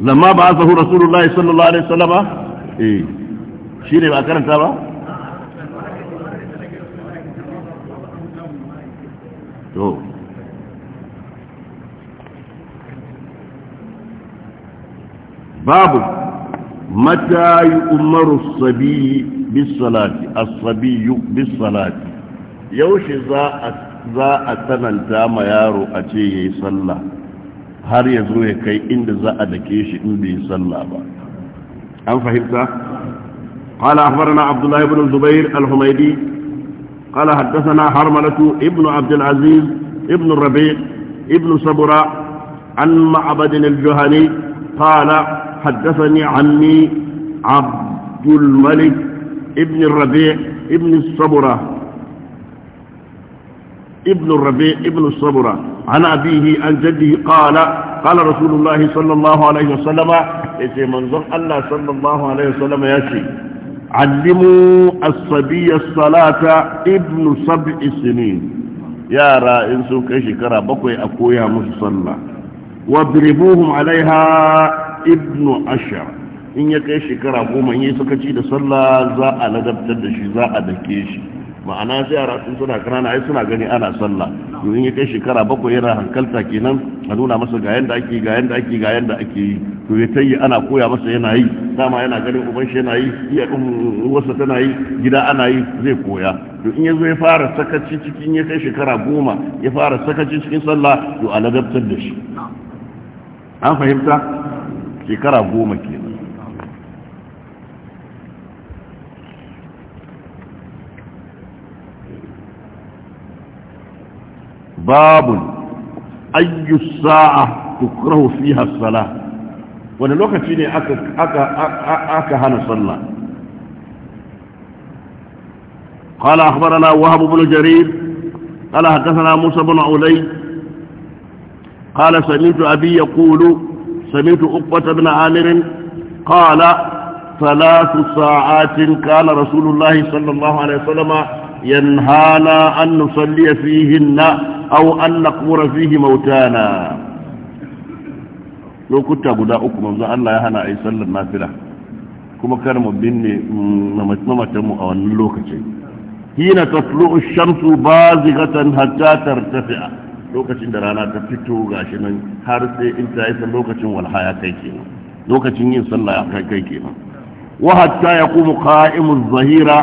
lamma ba rasulullahi sallallahu alaihi eh ba karanta ba to babu mata yi umaru sabi bisalati asabiyu bisalati yaushe za a tsananta ma yaro a ce ya yi sallah har ya zo ya kai inda za a dake shi in bai sallah ba an fahimta قال أخبرنا عبد Abdullahi بن Zubairu الحميدي قال حدثنا حرملة ابن عبد العزيز ابن الربيع ابن صبرة عن معبد الجهني قال حدثني عني عبد الملك ابن الربيع ابن الصبرة ابن الربيع ابن الصبرة عن أبيه عن جده قال قال رسول الله صلى الله عليه وسلم يتي إيه منظر الله صلى الله عليه وسلم يتي allimu as-sabiyya salata ibnu sabis ne yara in sun kai shekara bakwai a koya musu sallah wadribuhum alaiha ibnu ashar in ya kai shekara goma in yi sakaci da sallah za a ladabtar da shi za a dake shi ma'ana sai a ratsun suna kanana ai suna gani ana sallah domin ya kai shekara bakwai yana hankalta kenan a nuna masa ga yanda ake ga yanda ake ga yanda ake yi to ya tayi ana koya masa yana yi dama yana ganin uban shi yana yi iya din wasa tana yi gida ana yi zai koya to in yazo ya fara sakaci cikin ya kai shekara goma ya fara sakaci cikin sallah to a ladabtar da shi an fahimta shekara goma kenan باب أي الساعة تكره فيها الصلاة wani lokaci ne aka hana sallah qala akhbarana wahab ibn jarir qala hadathana musa bin ulay qala sami'tu abi yaqulu sami'tu Amirin? ibn amir qala thalath sa'atin kana rasulullah sallallahu alaihi wasallam ينهانا أن نصلي فيهن أو أن نقبر فيه موتانا لو كنت أقول لكم أن الله يهانا أي صلى النافلة كما كان مبيني ممتمة أو أن لوكتي هنا تطلع الشمس بازغة حتى ترتفع lokacin da rana ta fito gashi nan har sai in ta yi lokacin walhaya kai kenan lokacin yin sallah kai kai kenan wa hatta yaqumu qa'imu adh-dhahira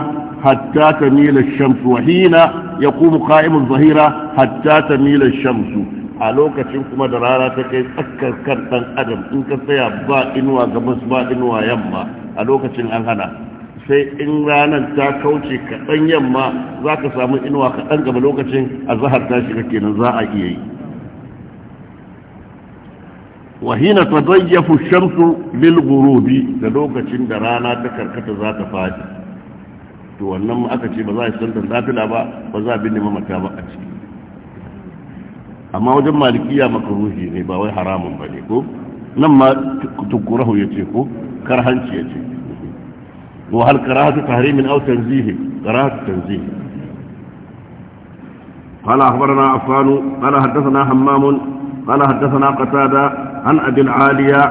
hatta tamila shamsu wa hina yaqumu qa'imu zahira hatta tamila shamsu a lokacin kuma da rana ta kai tsakkar dan adam in ka tsaya ba inuwa gabas ba inuwa yamma a lokacin an hana sai in ranar ta kauce kaɗan yamma za ka samu inuwa kaɗan gaba lokacin a zahar ta shiga kenan za a iya yi wahina ta zayyafu shamsu bil gurubi da lokacin da rana ta karkata za ta fadi to wannan ma aka ce ba za a yi sallar nafila ba ba za a binne mamata ba a ciki amma wajen malikiya makaruhi ne ba wai haramun ba ne ko nan ma tukurahu ya ce ko karhanci ya ce wa hal karahatu tahrimin aw tanzihi karahatu tanzihi قال أخبرنا عفان قال حدثنا hammamun. قال حدثنا قتادة عن أبي العالية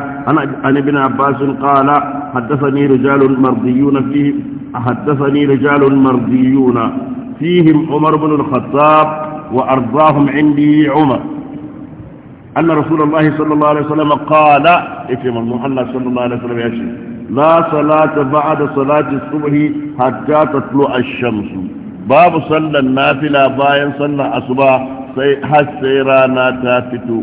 عن ابن عباس قال حدثني رجال مرضيون فيه حدثني رجال مرضيون فيهم عمر بن الخطاب وأرضاهم عندي عمر أن رسول الله صلى الله عليه وسلم قال إتم المحلى صلى الله عليه وسلم يشي لا صلاة بعد صلاة الصبح حتى تطلع الشمس باب صلى النافلة باين صلى أصباح sai har sai rana ta fito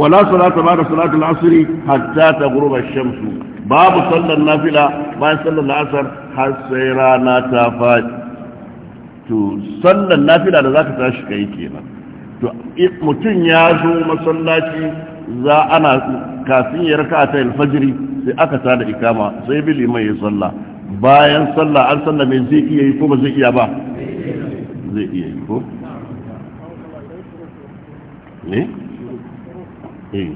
wala salata ba da salatul asri hatta ta gurba shamsu babu sallar nafila bayan sallar asar har sai rana ta fadi to sallar nafila da zaka tashi kai kenan to mutum ya zo masallaci za ana kafin ya raka ta alfajiri sai aka tada ikama sai bi liman ya sallah bayan sallah an sallah mai zai iya yi ko ba zai iya ba zai iya yi ko ne? Eh? eh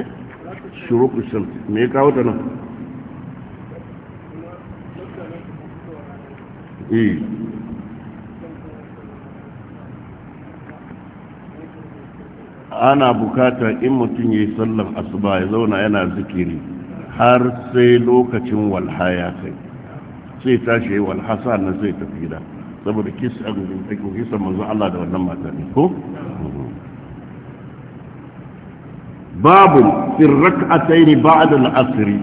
eh shuru kusan me ya kawo ta nan eh ana bukatar in mutum ya yi sallan asuba ya zauna yana zikiri har sai lokacin walha ya kai sai tashi yi walha na sai tafi gida saboda kisan manzo Allah da wannan mata ne ko? babu firrak a taini ba'adar la'asari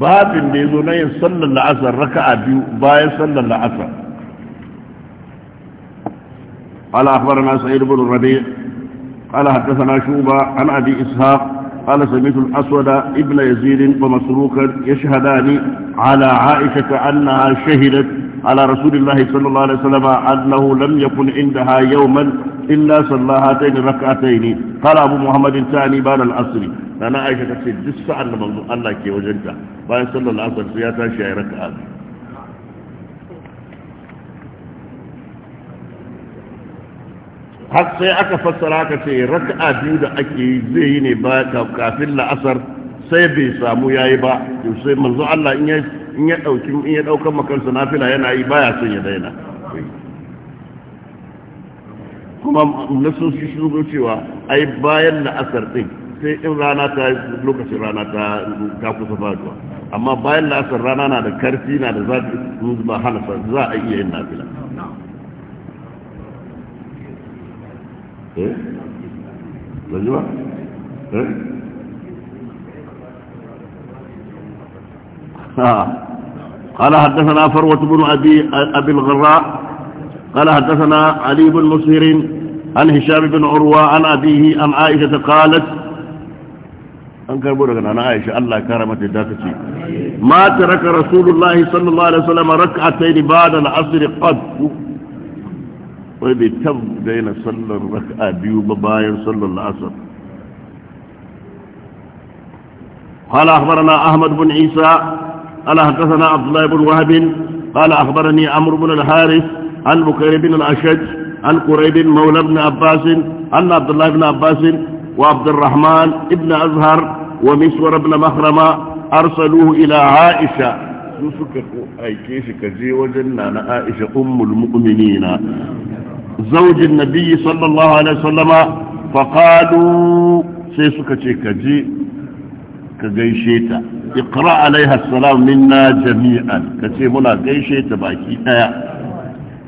babin da ya zo na yin sallar la'asar raka a biyu bayan sallar la'asar قال أخبرنا سعيد rabe الربيع قال حدثنا shuba an abi إسحاق قال سمعت الأسود ابن يزيد ومسروقا يشهدان على عائشة أنها شهدت على رسول الله صلى الله عليه وسلم أنه لم يكن عندها يوما إلا صلى هاتين الركعتين قال أبو محمد الثاني بعد العصر أنا عائشة تفسير جسا أن منظور الله كي وجنتا بعد صلى الله عليه وسلم سياتا شعر ركعتين har sai aka fassara ka ce raka'a biyu da ake yi zai yi ne ba kafin la'asar sai bai samu yayi ba to sai manzo Allah in ya in ya dauki in ya makansa nafila yana yi baya son ya daina kuma nasoshi sun zo cewa ai bayan la'asar din sai in rana ta lokacin rana ta ta kusa faduwa amma bayan la'asar rana na da karfi na da zafi ba hana za a iya yin nafila eh ba ها قال حدثنا فروة بن أبي, أبي الغراء قال حدثنا علي بن مسهر عن هشام بن عروة عن أبيه عن عائشة قالت an karbo daga nana Aisha Allah ya kara mata da tace ma taraka Rasulullah sallallahu alaihi wasallam rak'atayn ba'da wai bai tab daina sallar raka'a biyu ba bayan sallar la'asar قال أخبرنا أحمد بن عيسى قال حدثنا عبد الله بن وهب قال أخبرني عمرو بن الحارث عن بكير بن الأشج عن قريب مولى بن عباس عن عبد الله بن عباس وعبد الرحمن بن أزهر ومسور بن مخرمة أرسلوه إلى عائشة نسكك أي كيش كزي وجنان عائشة أم المؤمنين زوج النبي صلى الله عليه وسلم فقالوا سيسكة كجي كجيشيتا اقرأ عليها السلام منا جميعا كتيمنا جيشيتا باكي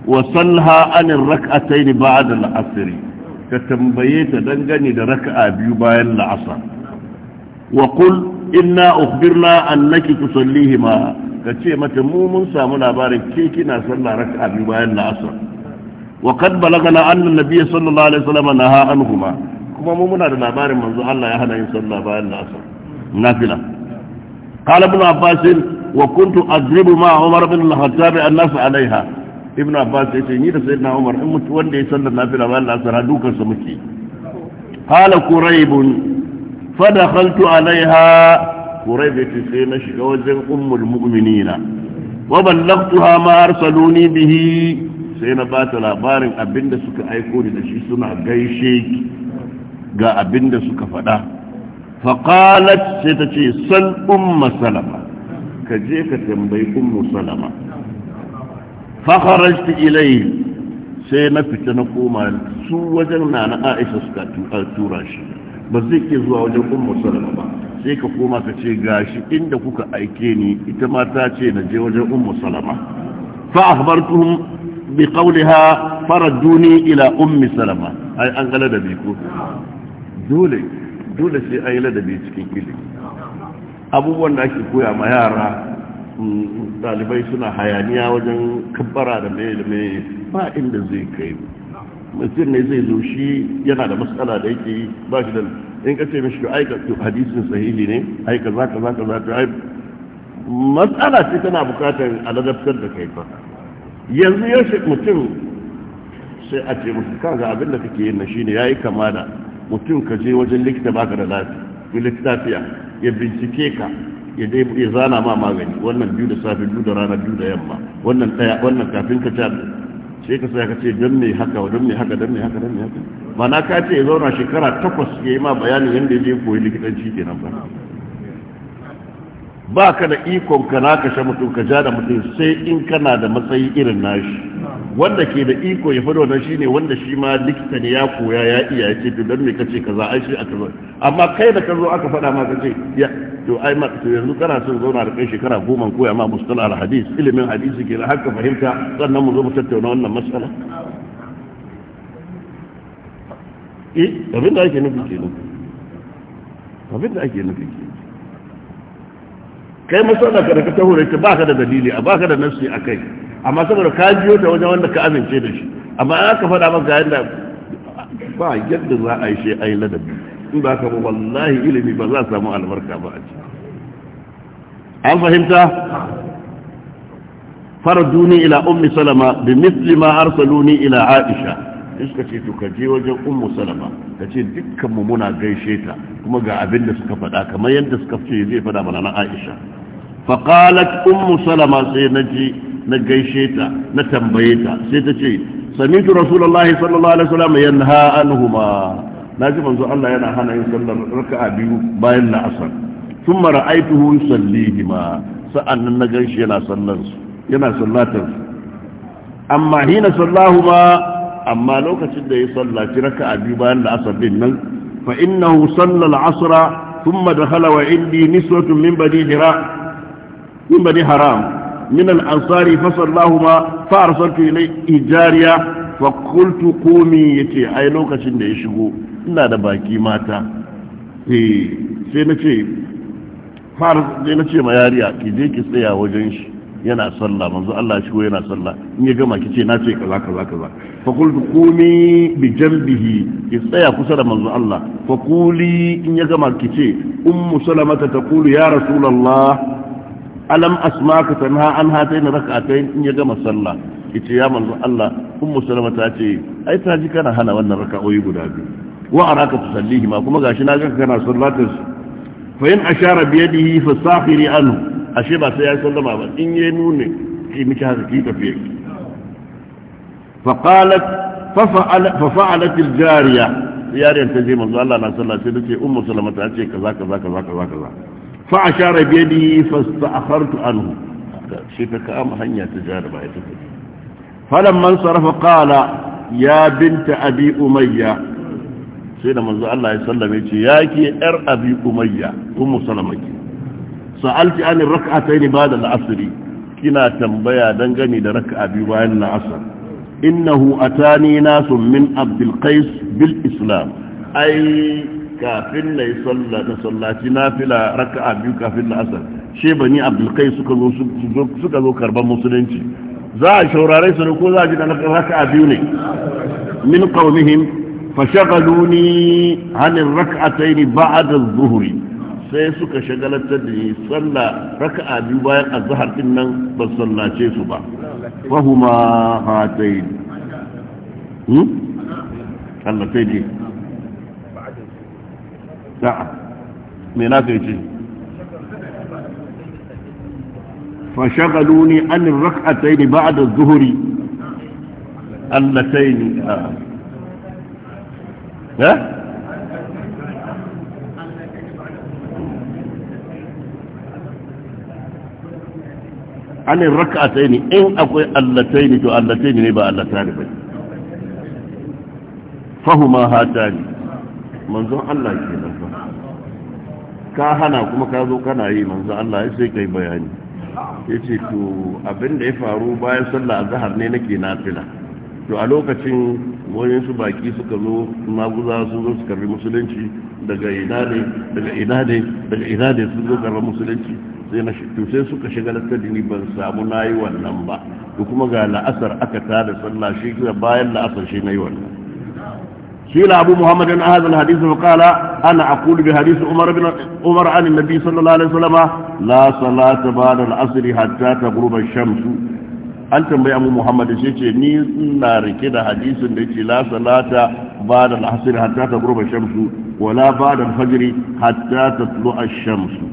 وصلها عن الركعتين بعد العصر كتنبيت دنجني دركعة بيبايا العصر وقل إنا أخبرنا أنك تصليهما كتيمة مومن سامنا بارك كيكنا صلى ركعة بيبايا العصر wa kad balagana anna nabiyyi sallallahu alaihi wasallam naha anhuma kuma mu muna da labarin manzo Allah ya hana yin sallah bayan nafila qala ibn wa kuntu adribu ma umar bin al-khattab an-nas alaiha ibn abbas yace ni da sayyidina umar in mutu wanda ya sallar nafila bayan sa muke qala quraib fa dakhaltu alaiha قريب تسينا شكوز أم المؤمنين وبلغتها ما أرسلوني به sai na ba ta labarin abin da suka aiko da shi suna gaishe ga abinda da suka faɗa faƙalat sai ta ce sal umma salama ka je ka tambayi ummu salama fakharajtu ilayhi sai na fita na koma su wajen nana Aisha suka tura shi ba zai ke zuwa wajen Umma salama ba sai ka koma ka ce gashi inda kuka aike ni ita ma ta ce na je wajen ummu salama fa akhbartuhum bi qawliha faradduni ila ummi salama ai an ga ladabi ko dole dole sai ai ladabi cikin ilimi abubuwan da ake koya ma yara ɗalibai suna hayaniya wajen kabbara da mai da mai ba inda zai kai mutum ne zai zo shi yana da matsala da yake ba shi da in ka ce mishi to hadisin sahihi ne aika za ka za ka za ka matsala ce tana bukatar ladabtar da kai yanzu yaushe mutum sai a ce mutum kan abin da kake yin na shi ne ya yi kama da mutum ka je wajen likita ba ka da lafiya ya bincike ka ya zana ma magani wannan biyu da safe biyu da rana biyu da yamma wannan daya wannan kafin ka ce sai ka sai ka ce don me haka don me haka don me haka don me haka mana ka ce ya zauna shekara takwas ya yi ma bayanin yadda ya je koyi likitanci kenan ba ba ka da ikon ka na kashe mutum ka ja da mutum sai in kana da matsayi irin nashi wanda ke da iko ya fado na shine wanda shi ma likita ne ya koya ya iya ya ce to dan me kace kaza ai shi aka zo amma kai da ka zo aka faɗa ma kace ya to ai ma to yanzu kana son zauna da kai shekara goma koya ma mustala al hadis ilimin hadisi ke da haka fahimta sannan mu zo mu tattauna wannan mas'ala eh abin da ake nufi kenan abin da ake nufi kenan kai masana ka da ka taho ba ka da dalili a ba ka da nafsi a kai amma saboda ka jiyo ta wajen wanda ka amince da shi amma an ka faɗa maka yadda ba yadda za a yi shi a yi ladabi in ba ka ba wallahi ilimi ba za a samu albarka ba a ci an fahimta duni ila ummi salama bi misli ma arsaluni ila aisha da suka ce to ka je wajen ummu salama ka ce dukkanmu muna gaishe ta kuma ga abin da suka faɗa kamar yadda suka ce zai faɗa mana na Aisha fa qalat ummu salama sai na gaishe ta na tambaye ta sai ta ce sami'tu rasulullahi sallallahu alaihi wasallam yanha anhuma manzo Allah yana hana yin sallar raka'a biyu bayan la'asar thumma ra'aytuhu yusallihima sa'annan na gaishe yana sallar yana sallatar amma hina sallahuma amma lokacin da ya sallaci raka a biyu bayan da asar din nan fa inna hu sallal asra indi niswatun min haram min al ansari fa ma fa arsaltu ilay ijariya fa qultu qumi yati ay lokacin da ya shigo ina da baki mata eh, sai na na ce ma yariya ki je ki tsaya wajen shi yana sallah manzo Allah shi yana sallah in ya gama kice na ce kaza kaza kaza fa qultu qumi bi janbihi ki tsaya kusa da manzo Allah fa quli in ya gama kice ummu salama ta taqulu ya rasulullah alam asmaka tanha an hatayn rak'atayn in ya gama sallah kice ya manzo Allah ummu salama ta ce ai ta ji kana hana wannan raka'o'i guda biyu wa araka tusallihi ma kuma gashi na ga kana sallatar fa in ashara bi yadihi fa sakhiri anhu ashe ba sai ya sallama ba in ya nune ki miki haka ki tafiye فقالت ففعل ففعلت الجارية يارين تجي من الله لا صلى سيدتي أم سلمة أتي كذا كذا كذا كذا كذا فأشار بيدي فاستأخرت عنه شيء كأم هنيا تجارب فلما انصرف قال يا بنت أبي أمية سيدنا من الله صلى الله عليه وسلم يا كي أر أبي أمية أم سلمة sa'alti anin raka'atayn ba da asr kina tambaya don gani da rak'a biyu bayan la'asar? al-asr innahu atani nasun min abdul qais bil islam ai kafin na salla da sallaci nafila raka'a biyu kafin la'asar asr she bani abdul qais suka zo karban musulunci za a shaurare su ko za a ji da rak'a biyu ne min qawmihim fashaghaluni anir raka'atayn ba'da da zuhuri. sai suka shagalatar da yi sallah raka'a biyu bayan azhar din nan ba sallace su ba fahuma hatai hmm Allah sai ji da'a me na sai ce fa shagaluni an rak'atayn ba'da adh-dhuhri allatayn ha ah. eh? anin raka'atai ne in akwai allatai ne to allatai ne ba allata ne bai fahuma hata ne manzon Allah ke nan fa ka hana kuma ka zo kana yi manzon Allah ya sai kai bayani ya ce to abin da ya faru bayan sallah azhar ne nake nafila to a lokacin wani su baki suka zo maguza sun zo su karbi musulunci daga ina ne daga ina ne daga ina ne zo karbi musulunci sai na sai suka shiga da ni ban samu yi wannan ba to kuma ga la'asar aka da sallah shi bayan la'asar shi yi wannan قيل أبو محمد أن هذا ana فقال أنا أقول umar عمر بن عمر عن النبي صلى الله عليه وسلم لا صلاة بعد العصر حتى تغرب الشمس an tambaya mu Muhammad shi ce ni ina rike da hadisin da yake la salata ba da al-asr hatta ta gurba shamsu wala ba da al-fajr hatta ta tulu ash-shamsu